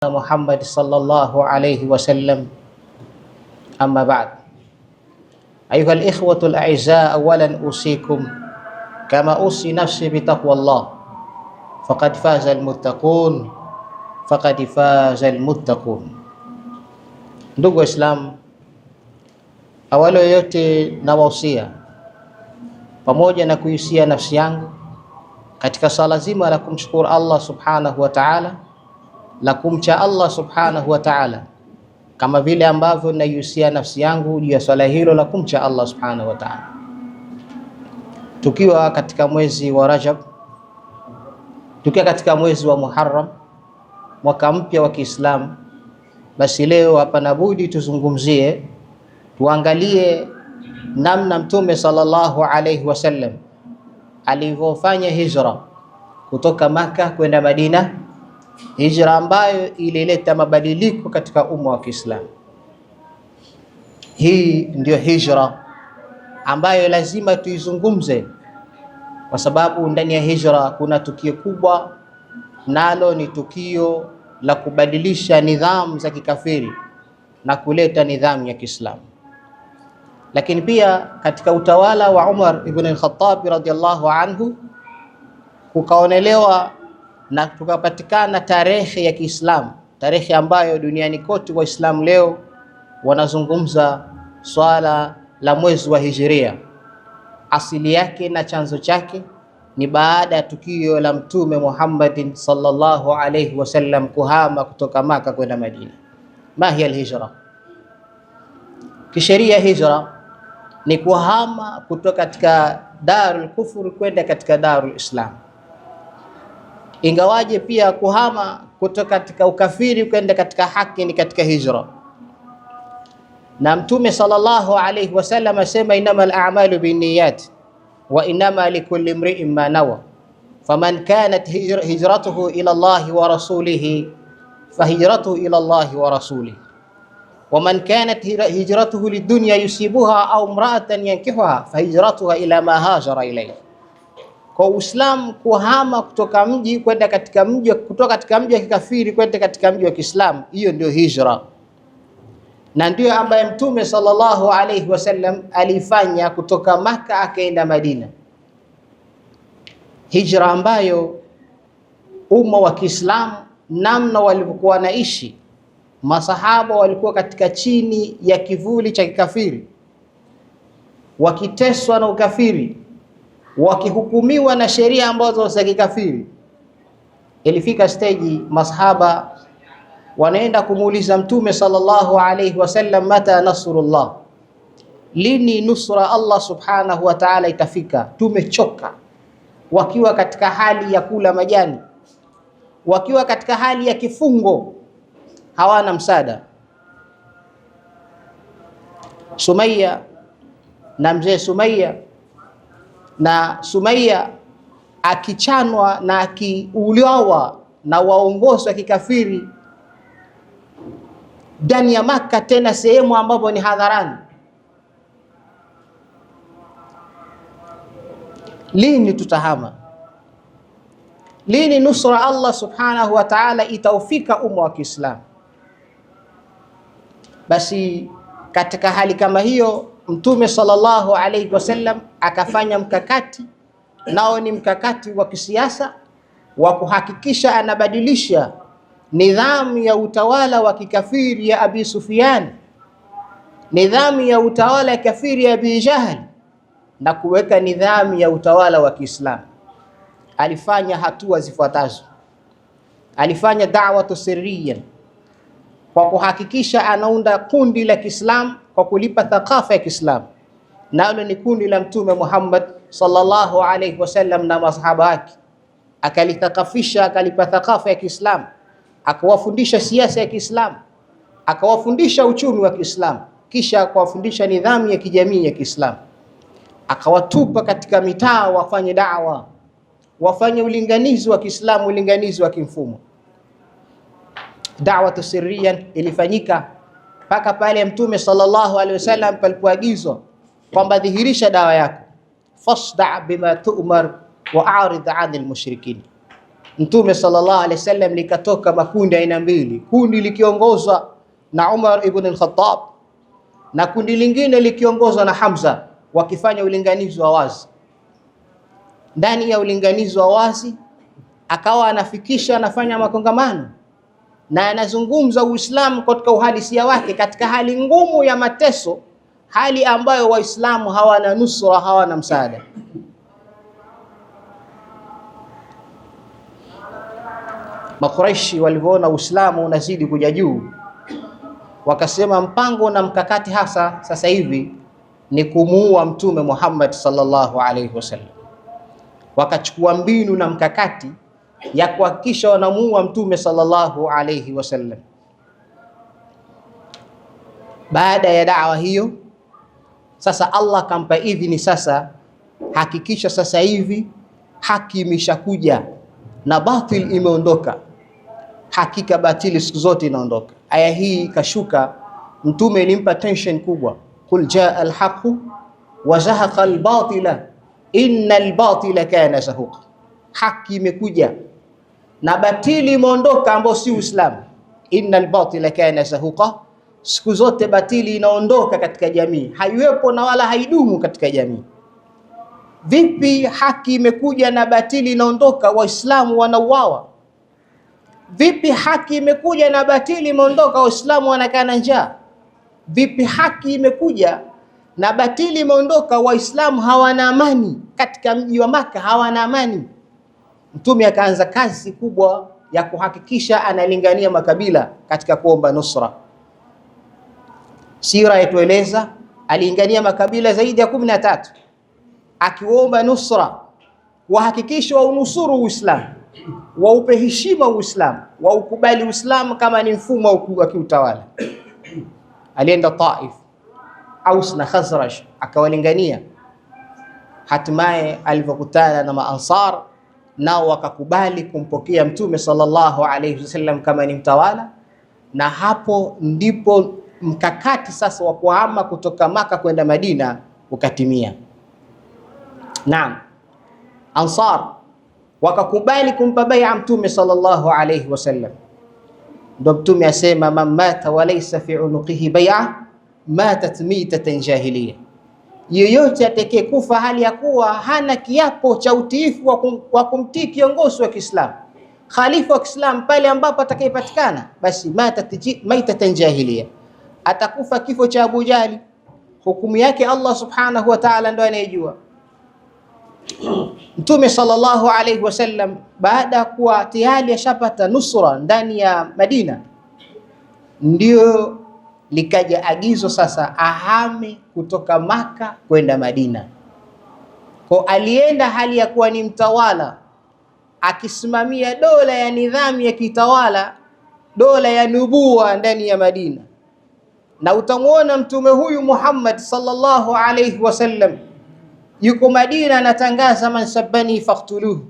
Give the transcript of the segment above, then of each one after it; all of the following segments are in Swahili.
محمد صلى الله عليه وسلم أما بعد أيها الإخوة الأعزاء أولا أوصيكم كما أوصي نفسي بتقوى الله فقد فاز المتقون فقد فاز المتقون ndugu Islam awali yoyote nawahusia pamoja na kuhusia nafsi yangu katika swala zima la kumshukuru Allah subhanahu wa ta'ala la kumcha Allah subhanahu wa ta'ala, kama vile ambavyo naihusia nafsi yangu juu ya swala hilo la kumcha Allah subhanahu wa ta'ala. Tukiwa katika mwezi wa Rajab, tukiwa katika mwezi wa Muharram, mwaka mpya wa Kiislamu, basi leo hapana budi tuzungumzie, tuangalie namna Mtume sallallahu alayhi wasallam alivyofanya hijra kutoka Maka kwenda Madina hijra ambayo ilileta mabadiliko katika umma wa Kiislamu. Hii ndio hijra ambayo lazima tuizungumze, kwa sababu ndani ya hijra kuna tukio kubwa, nalo ni tukio la kubadilisha nidhamu za kikafiri na kuleta nidhamu ya Kiislamu. Lakini pia katika utawala wa Umar ibn al-Khattab radhiyallahu anhu kukaonelewa na tukapatikana tarehe ya Kiislamu, tarehe ambayo duniani kote Waislamu leo wanazungumza swala la mwezi wa Hijiria. Asili yake na chanzo chake ni baada ya tukio la Mtume Muhammadin sallallahu alayhi wasallam kuhama kutoka Maka kwenda Madina. Ma hiya alhijra? Kisheria hijra ni kuhama kutoka katika darul kufur kwenda katika darul islam. Ingawaje pia kuhama kutoka katika ukafiri kwenda katika haki ni katika hijra, na Mtume sallallahu alayhi wasallam asema innamal a'malu binniyat wa innama likulli imri'in ma nawa faman kanat hijratuhu ila Allahi wa rasulihi fahijratuhu ila Allahi wa rasulihi waman kanat hijratuhu lidunya yusibuha au imra'atan yankihuha fahijratuha ila ma hajara ilayhi kwa Uislamu kuhama kutoka mji kwenda katika mji, kutoka katika mji wa kikafiri kwenda katika mji wa Kiislamu, hiyo ndio hijra, na ndiyo ambaye Mtume sallallahu alayhi wasallam alifanya kutoka Maka akaenda Madina, hijra ambayo umma wa Kiislamu namna walivyokuwa naishi masahaba walikuwa katika chini ya kivuli cha kikafiri, wakiteswa na ukafiri wakihukumiwa na sheria ambazo za kikafiri. Ilifika steji masahaba wanaenda kumuuliza Mtume sallallahu alayhi wasallam, mata nasrullah, lini nusra Allah subhanahu wa ta'ala itafika? Tumechoka, wakiwa katika hali ya kula majani, wakiwa katika hali ya kifungo, hawana msaada. sumaiya na mzee sumaiya na Sumaiya akichanwa na akiuliwa na waongozi wa kikafiri ndani ya Makka, tena sehemu ambapo ni hadharani. Lini tutahama? Lini nusra Allah subhanahu wa ta'ala itaufika umma wa Kiislamu? Basi katika hali kama hiyo Mtume sallallahu alayhi wasallam akafanya mkakati, nao ni mkakati wa kisiasa wa kuhakikisha anabadilisha nidhamu ya utawala wa kikafiri ya Abi Sufyan, nidhamu ya utawala ya kafiri ya Abi Jahl, na kuweka nidhamu ya utawala wa Kiislamu. Alifanya hatua zifuatazo. Alifanya da'watu sirriyan kwa kuhakikisha anaunda kundi la Kiislamu kwa kulipa thakafa ya Kiislamu, nalo ni kundi la Mtume Muhammad sallallahu alayhi wasallam na masahaba wake, akalithakafisha akalipa thakafa ya Kiislamu, akawafundisha siasa ya Kiislamu, akawafundisha uchumi wa Kiislamu, kisha akawafundisha nidhamu ya kijamii ya Kiislamu, akawatupa katika mitaa wafanye dawa, wafanye ulinganizi wa Kiislamu, ulinganizi wa kimfumo. Da'wa sirriyan ilifanyika mpaka pale Mtume sallallahu alaihi wasallam palipoagizwa kwamba dhihirisha dawa yako, fasda bima tu'mar wa a'rid 'anil mushrikin. Mtume sallallahu alaihi wasallam likatoka makundi aina mbili, kundi likiongozwa na Umar ibn al-Khattab na kundi lingine likiongozwa na Hamza, wakifanya ulinganizi wa wazi. Ndani ya ulinganizi wa wazi akawa anafikisha, anafanya makongamano na yanazungumza Uislamu katika uhalisia wake, katika hali ngumu ya mateso, hali ambayo Waislamu hawana nusra, hawana msaada. Makuraishi walivyoona Uislamu unazidi kuja juu, wakasema mpango na mkakati hasa sasa hivi ni kumuua Mtume Muhammad sallallahu alaihi wasallam. Wakachukua mbinu na mkakati ya kuhakikisha wanamuua Mtume sallallahu alayhi wasallam. Baada ya dawa hiyo, sasa Allah kampa idhini sasa, hakikisha sasa hivi haki imeshakuja na batil imeondoka. Hakika batili siku zote inaondoka. Aya hii ikashuka, Mtume ilimpa tension kubwa, qul jaa alhaqu wa zahaqa albatila inna albatila kana zahuqa, haki imekuja na batili imeondoka, ambao si Uislamu. Innal batila kana zahuqa, siku zote batili inaondoka katika jamii, haiwepo na wala haidumu katika jamii. Vipi haki imekuja na batili inaondoka, waislamu wanauawa? Vipi haki imekuja na batili imeondoka, waislamu wanakaa na njaa? Vipi haki imekuja na batili imeondoka, waislamu hawana amani katika mji wa Maka, hawana amani. Mtume akaanza kazi kubwa ya kuhakikisha analingania makabila katika kuomba nusra. Sira yatueleza aliingania makabila zaidi ya kumi na tatu akiomba nusra, wahakikisha waunusuru Uislamu, waupe heshima Uislamu, waukubali Uislamu kama ni mfumo wa kiutawala. Alienda Taif, Aus na Khazraj akawalingania. Hatimaye alivyokutana na Maansar nao wakakubali kumpokea Mtume sallallahu alayhi wasallam kama ni mtawala, na hapo ndipo mkakati sasa wa kuhama kutoka Maka kwenda Madina ukatimia. Naam, Ansar wakakubali kumpa bai'a Mtume sallallahu alayhi wasallam. Ndo Mtume asema man mata walaysa fi unuqihi bai'a matat mitatan jahiliya yeyote atakayekufa hali ya kuwa hana kiapo cha utiifu wa, kum, wa kumtii kiongozi wa Kiislamu, khalifa wa Kiislamu pale ambapo atakayepatikana, basi maitatan jahilia, atakufa kifo cha Abu Jahli. Hukumu yake Allah subhanahu wa ta'ala ndo anayejua. Mtume sallallahu alayhi wasallam baada ya kuwa tayari ashapata nusra ndani ya Madina, ndio likaja agizo sasa ahame kutoka Maka kwenda Madina. Kwa alienda hali ya kuwa ni mtawala akisimamia dola ya nidhamu ya kitawala, dola ya nubua ndani ya Madina. Na utamwona mtume huyu Muhammad sallallahu alayhi wasallam yuko Madina, anatangaza man sabbani faktuluhu,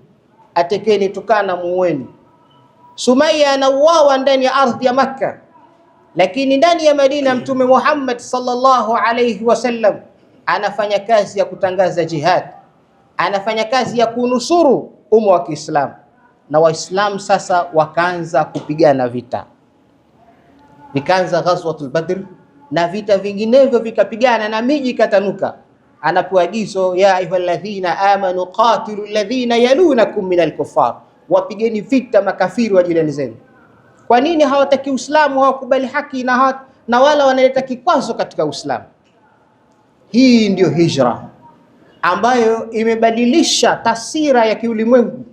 atekeni tukana muweni. Sumaya anauawa ndani ya ardhi ya Makka. Lakini ndani ya Madina Mtume Muhammad sallallahu alayhi wasallam anafanya kazi ya kutangaza jihad, anafanya kazi ya kunusuru umma wa Kiislamu na Waislamu sasa wakaanza kupigana vita, vikaanza Ghazwatul Badr na vita vinginevyo vikapigana na miji katanuka Anapewa agizo, ya ayyuhalladhina amanu qatilu alladhina yalunakum minal kuffar, wapigeni vita makafiri wa jirani zenu. Kwa nini hawataki Uislamu, hawakubali haki na, hawa, na wala wanaleta kikwazo katika Uislamu? Hii ndiyo hijra ambayo imebadilisha taswira ya kiulimwengu,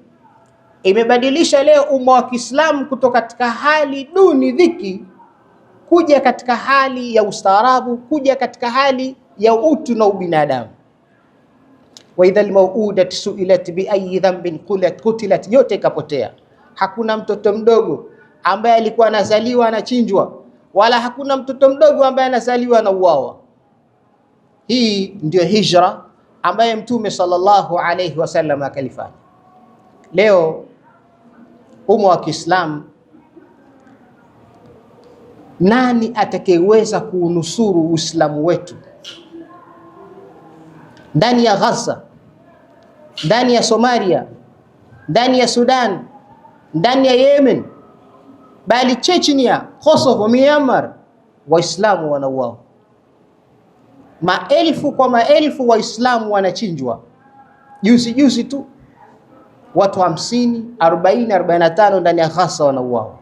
imebadilisha leo umma wa Kiislamu kutoka katika hali duni, dhiki, kuja katika hali ya ustaarabu, kuja katika hali ya utu na ubinadamu. wa idha almauudat suilat bi ayi dhanbin qulat kutilat, yote ikapotea. Hakuna mtoto mdogo ambaye alikuwa anazaliwa anachinjwa, wala hakuna mtoto mdogo ambaye anazaliwa na uwawa Hii ndiyo hijra ambaye Mtume sallallahu alayhi wasallam akalifanya. Leo umma wa Kiislamu, nani atakayeweza kuunusuru Uislamu wetu ndani ya Gaza, ndani ya Somalia, ndani ya Sudan, ndani ya Yemen? bali Chechnya, Kosovo, Myanmar, Waislamu wanauawa, maelfu kwa maelfu Waislamu wanachinjwa. Juzi juzi tu watu 50 40 45 ndani ya hasa wanauawa,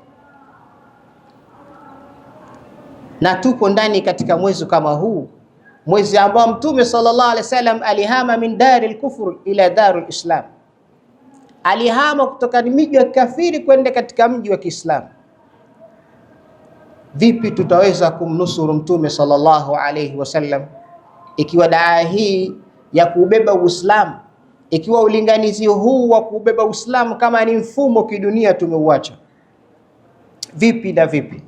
na tuko ndani katika mwezi kama huu, mwezi ambao Mtume sallallahu alaihi wasallam alihama min dari lkufr ila darul islam, alihama kutoka miji ya kikafiri kwenda katika mji wa Kiislamu vipi tutaweza kumnusuru Mtume sallallahu alayhi wasallam, ikiwa daa hii ya kuubeba Uislamu, ikiwa ulinganizi huu wa kuubeba Uislamu kama ni mfumo kidunia tumeuacha vipi na vipi?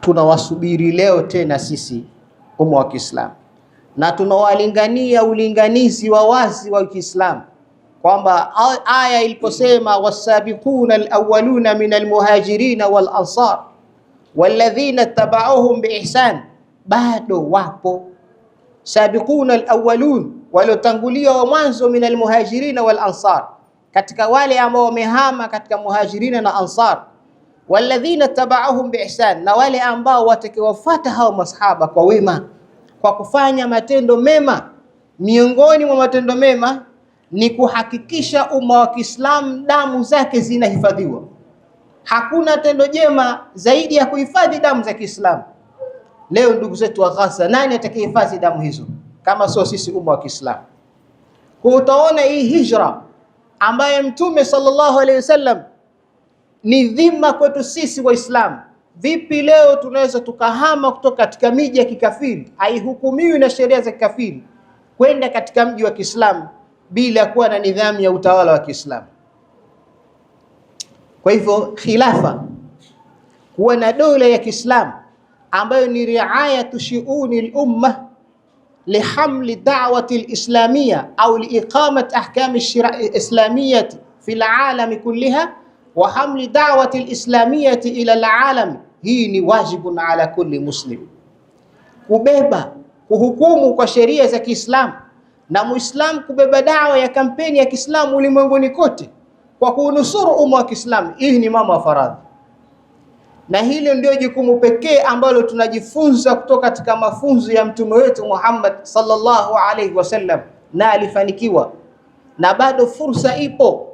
Tunawasubiri leo tena sisi umma wa Kiislamu na tunawalingania ulinganizi wa wazi wa Kiislamu kwamba aya iliposema wasabiquna alawaluna min almuhajirina wal ansar walladhina tabauhum biihsan, bado wapo sabiquna alawwalun, waliotangulia wa mwanzo, min almuhajirina wal ansar, katika wale ambao wamehama katika muhajirina na ansar. Walladhina tabauhum biihsan, na wale ambao watakiwafuata hao masahaba kwa wema, kwa kufanya matendo mema. Miongoni mwa matendo mema ni kuhakikisha umma wa Kiislamu damu zake zinahifadhiwa Hakuna tendo jema zaidi ya kuhifadhi damu za Kiislamu. Leo ndugu zetu wa Gaza, nani atakayehifadhi damu hizo kama sio sisi umma wa Kiislamu? Kwa utaona hii hijra ambaye Mtume sallallahu alaihi wasallam ni dhima kwetu sisi Waislamu. Vipi leo tunaweza tukahama kutoka katika miji ya kikafiri, haihukumiwi na sheria za kikafiri, kwenda katika mji wa Kiislamu bila kuwa na nidhamu ya utawala wa Kiislamu? Kwa hivyo khilafa, kuwa na dola ya Kiislamu ambayo ni riayatu shuuni lumma lihamli dawati lislamia au liiqamat ahkami islamiyati fi lalami kulliha wa hamli dawati lislamiyati ila lalami, hii ni wajibun ala kulli muslim, kubeba kuhukumu kwa sheria za Kiislamu na muislamu kubeba dawa ya kampeni ya Kiislamu ulimwenguni kote kwa kuunusuru umma wa Kiislamu. Hii ni mama faradhi, na hilo ndio jukumu pekee ambalo tunajifunza kutoka katika mafunzo ya mtume wetu Muhammad sallallahu alaihi wasallam, na alifanikiwa, na bado fursa ipo.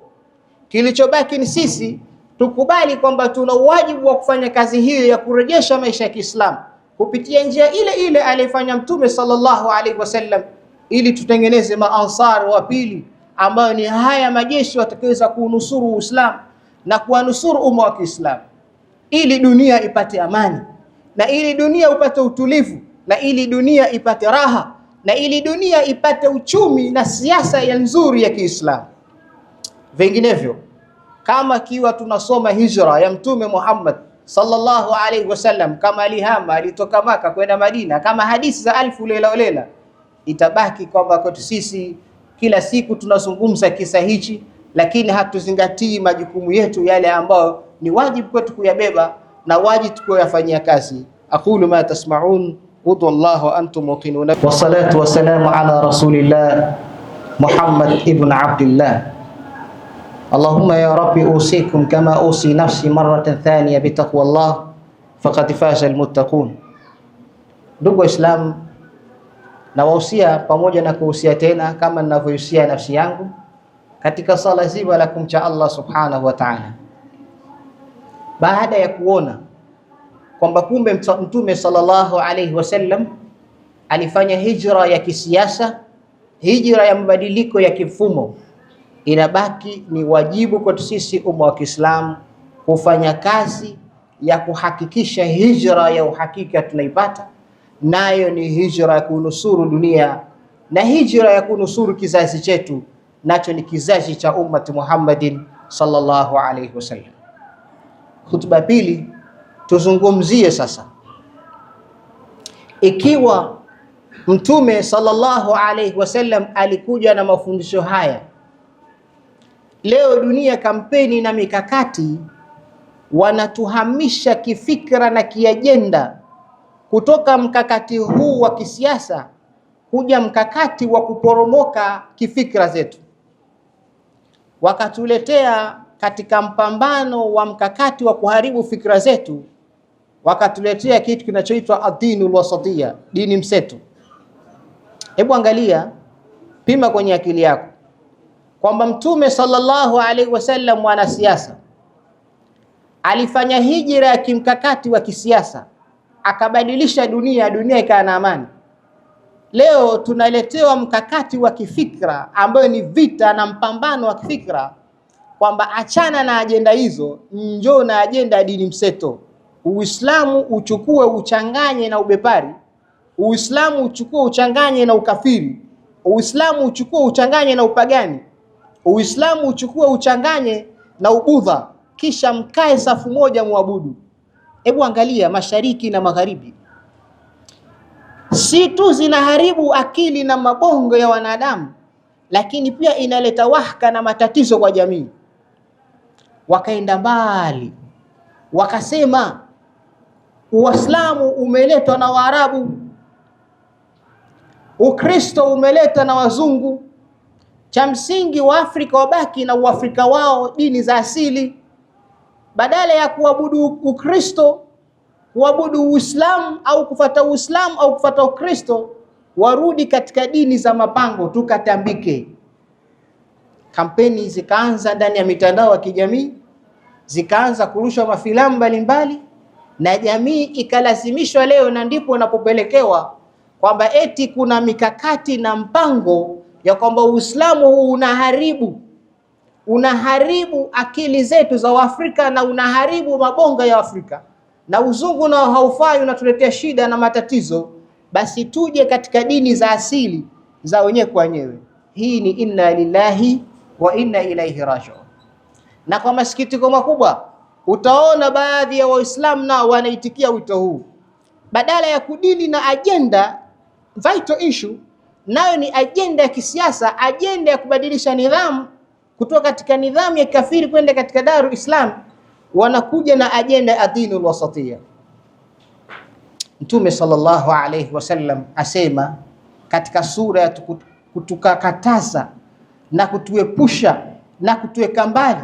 Kilichobaki ni sisi tukubali kwamba tuna wajibu wa kufanya kazi hiyo ya kurejesha maisha ya Kiislamu kupitia njia ile ile aliyefanya mtume sallallahu alaihi wasallam, ili tutengeneze maansari wa pili ambayo ni haya majeshi watakaweza kuunusuru Uislamu na kuwanusuru umma wa Kiislamu ili dunia ipate amani na ili dunia upate utulivu na ili dunia ipate raha na ili dunia ipate uchumi na siasa ya nzuri ya Kiislamu. Vinginevyo, kama kiwa tunasoma hijra ya Mtume Muhammad sallallahu alaihi wasallam, kama alihama alitoka Maka kwenda Madina, kama hadithi za alfu lela olela, itabaki kwamba kwetu sisi kila siku tunazungumza kisa hichi, lakini hatuzingatii majukumu yetu yale ambayo ni wajibu kwetu kuyabeba na wajibu kuyafanyia kazi. aqulu ma tasmaun antum llah wa salatu wa Wassalatu ala rasulillah Muhammad ibn Abdillah. Allahumma ya rabbi usikum kama usi nafsi maratan thaniya bitaqwa llah faqad faza almuttaqun. Ndugu Waislamu na wahusia pamoja na kuhusia tena kama ninavyohusia nafsi yangu katika sala zima la kumcha Allah subhanahu wa ta'ala, baada ya kuona kwamba kumbe Mtume sallallahu alayhi wasallam alifanya hijra ya kisiasa, hijra ya mabadiliko ya kimfumo. Inabaki ni wajibu kwetu sisi umma wa Kiislamu kufanya kazi ya kuhakikisha hijra ya uhakika tunaipata nayo ni hijra ya kunusuru dunia na hijra ya kunusuru kizazi chetu, nacho ni kizazi cha ummati Muhammadin sallallahu alayhi wasallam. Khutba pili tuzungumzie sasa, ikiwa Mtume sallallahu alayhi wasallam alikuja na mafundisho haya, leo dunia kampeni na mikakati wanatuhamisha kifikra na kiajenda kutoka mkakati huu wa kisiasa huja mkakati wa kuporomoka kifikra zetu, wakatuletea katika mpambano wa mkakati wa kuharibu fikra zetu, wakatuletea kitu kinachoitwa adinu wasatia, dini mseto. Hebu angalia, pima kwenye akili yako kwamba Mtume sallallahu alaihi wasallam, mwanasiasa alifanya hijira ya kimkakati wa kisiasa akabadilisha dunia, dunia ikawa na amani. Leo tunaletewa mkakati wa kifikra ambayo ni vita na mpambano wa kifikra, kwamba achana na ajenda hizo, njoo na ajenda ya dini mseto. Uislamu uchukue uchanganye na ubepari, Uislamu uchukue uchanganye na ukafiri, Uislamu uchukue uchanganye na upagani, Uislamu uchukue uchanganye na ubudha, kisha mkae safu moja muabudu. Hebu angalia mashariki na magharibi, si tu zinaharibu akili na mabongo ya wanadamu, lakini pia inaleta wahaka na matatizo kwa jamii. Wakaenda mbali wakasema Uislamu umeletwa na Waarabu, Ukristo umeletwa na wazungu. Cha msingi Waafrika wabaki na Uafrika wao, dini za asili badala ya kuabudu Ukristo, kuabudu Uislamu au kufata Uislamu au kufata Ukristo, warudi katika dini za mapango tukatambike. Kampeni zikaanza ndani ya mitandao ya kijamii, zikaanza kurushwa mafilamu mbalimbali, na jamii ikalazimishwa leo, na ndipo unapopelekewa kwamba eti kuna mikakati na mpango ya kwamba Uislamu huu unaharibu unaharibu akili zetu za Waafrika na unaharibu mabonga ya Afrika, na uzungu nao haufai, unatuletea shida na matatizo. Basi tuje katika dini za asili za wenyewe kwa wenyewe. Hii ni inna lillahi wa inna ilaihi rajiun. Na kwa masikitiko makubwa utaona baadhi ya Waislamu nao wanaitikia wito huu, badala ya kudili na ajenda vital issue, nayo ni ajenda ya kisiasa, ajenda ya kubadilisha nidhamu kutoka katika nidhamu ya kafiri kwenda katika Darul Islam, wanakuja na ajenda ya dinul wasatia. Mtume sallallahu alayhi wasallam asema katika sura ya kutukakataza na kutuepusha na kutuweka mbali,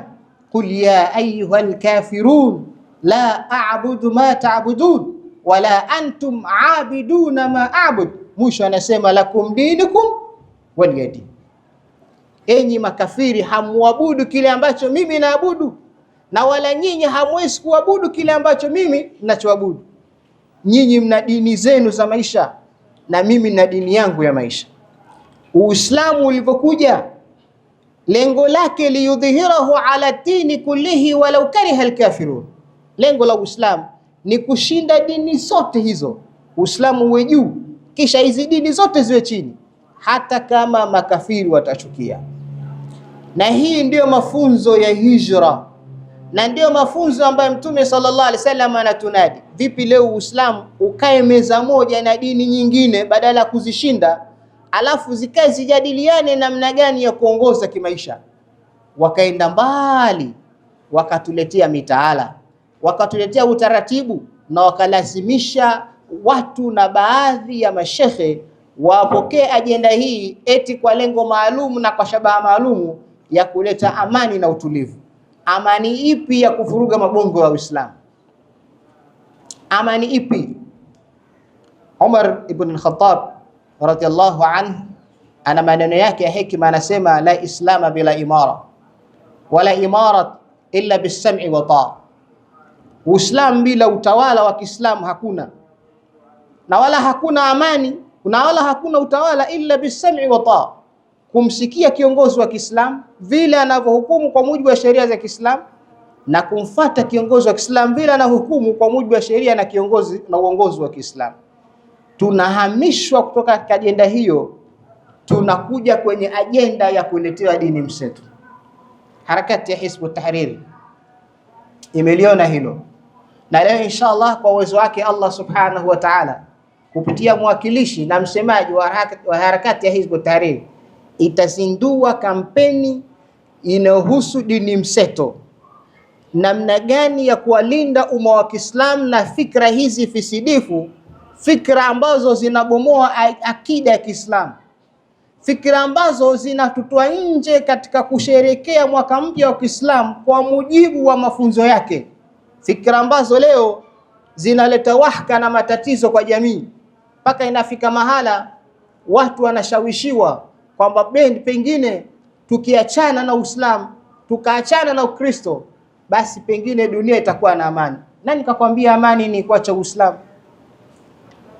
qul ya ayuha kafirun la a'budu ma ta'budun wala antum aabiduna ma a'bud. Mwisho anasema lakum dinukum waliyadin enyi makafiri, hamuabudu kile ambacho mimi naabudu, na wala nyinyi hamwezi kuabudu kile ambacho mimi ninachoabudu. Nyinyi mna dini zenu za maisha na mimi na dini yangu ya maisha. Uislamu ulivyokuja lengo lake liyudhhirahu ala dini kullihi walau kariha alkafirun. Lengo la Uislamu ni kushinda dini zote hizo, Uislamu uwe juu, kisha hizi dini zote ziwe chini, hata kama makafiri watachukia na hii ndiyo mafunzo ya hijra na ndiyo mafunzo ambayo Mtume sallallahu alaihi wasallam anatunadi. Vipi leo Uislamu ukae meza moja na dini nyingine badala ya kuzishinda, alafu zikae zijadiliane namna gani ya kuongoza kimaisha? Wakaenda mbali, wakatuletea mitaala, wakatuletea utaratibu na wakalazimisha watu na baadhi ya mashehe wapokee ajenda hii, eti kwa lengo maalum na kwa shabaha maalumu ya kuleta amani na utulivu. Amani ipi ya kufuruga mabongo ya Uislamu? Amani ipi? Umar ibn al-Khattab radhiyallahu anhu ana maneno yake ya hekima, anasema la islama bila imara wala imara illa bisami wa taa, Uislamu bila utawala wa Kiislamu hakuna, na wala hakuna amani na wala hakuna utawala illa bisami wa taa kumsikia kiongozi wa Kiislamu vile anavyohukumu kwa mujibu wa sheria za Kiislamu na kumfata kiongozi wa Kiislamu vile anahukumu kwa mujibu wa sheria na kiongozi na uongozi wa Kiislamu. Tunahamishwa kutoka katika ajenda hiyo, tunakuja kwenye ajenda ya kuletewa dini mseto. Harakati ya Hizbu Tahrir imeliona hilo, na leo insha Allah kwa uwezo wake Allah subhanahu wa ta'ala, kupitia mwakilishi na msemaji wa harakati ya Hizbu Tahrir itazindua kampeni inayohusu dini mseto, namna gani ya kuwalinda umma wa Kiislamu na fikra hizi fisidifu, fikra ambazo zinabomoa akida ya Kiislamu, fikra ambazo zinatutoa nje katika kusherekea mwaka mpya wa Kiislamu kwa mujibu wa mafunzo yake, fikra ambazo leo zinaleta wahaka na matatizo kwa jamii, mpaka inafika mahala watu wanashawishiwa kwamba bendi pengine tukiachana na Uislamu tukaachana na Ukristo basi pengine dunia itakuwa na amani. Nani kakwambia amani ni kuacha Uislamu?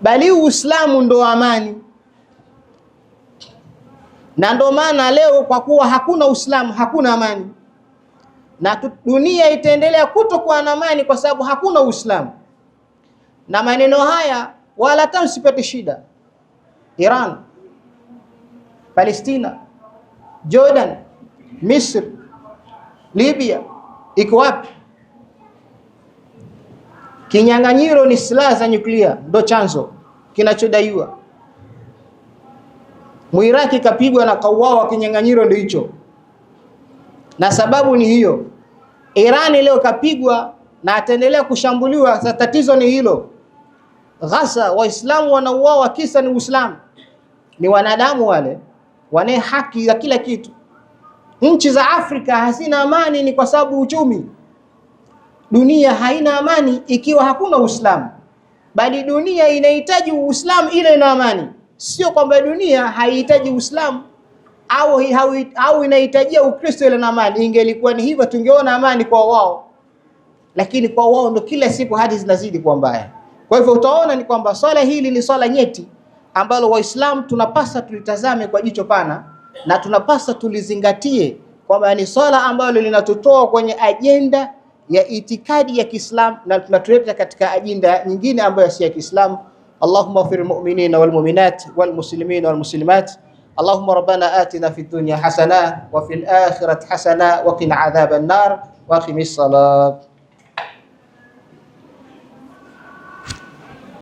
Bali Uislamu ndo amani, na ndo maana leo kwa kuwa hakuna Uislamu hakuna amani, na dunia itaendelea kutokuwa na amani kwa sababu hakuna Uislamu. Na maneno haya wala tamsipate shida Iran Palestina, Jordan, Misri, Libya iko wapi? Kinyang'anyiro ni silaha za nyuklia, ndo chanzo kinachodaiwa. muiraki kapigwa na kauawa, kinyang'anyiro ndio hicho, na sababu ni hiyo. Irani leo kapigwa na ataendelea kushambuliwa, tatizo ni hilo. ghaza Waislamu wanauawa, kisa ni Uislamu, ni wanadamu wale wanaye haki ya kila kitu. Nchi za Afrika hazina amani ni kwa sababu uchumi. Dunia haina amani ikiwa hakuna Uislamu, bali dunia inahitaji Uislamu ile ina amani, sio kwamba dunia haihitaji Uislamu au, au inahitajia Ukristo ile ina amani. Ingelikuwa ni hivyo, tungeona amani kwa wao, lakini kwa wao ndo kila siku hadi zinazidi kuwa mbaya. Kwa hivyo utaona ni kwamba swala hili ni swala nyeti ambalo Waislamu tunapasa tulitazame kwa jicho pana na tunapasa tulizingatie kwamba ni swala ambalo linatutoa kwenye ajenda ya itikadi ya Kiislamu na tunatuleta katika ajenda nyingine ambayo si ya Kiislamu. Allahumma ighfir lilmuminina walmuminat walmuslimina walmuslimat Allahumma rabbana atina fid dunya hasana wa fil akhirati hasana wa qina adhaban nar wa aqimis salat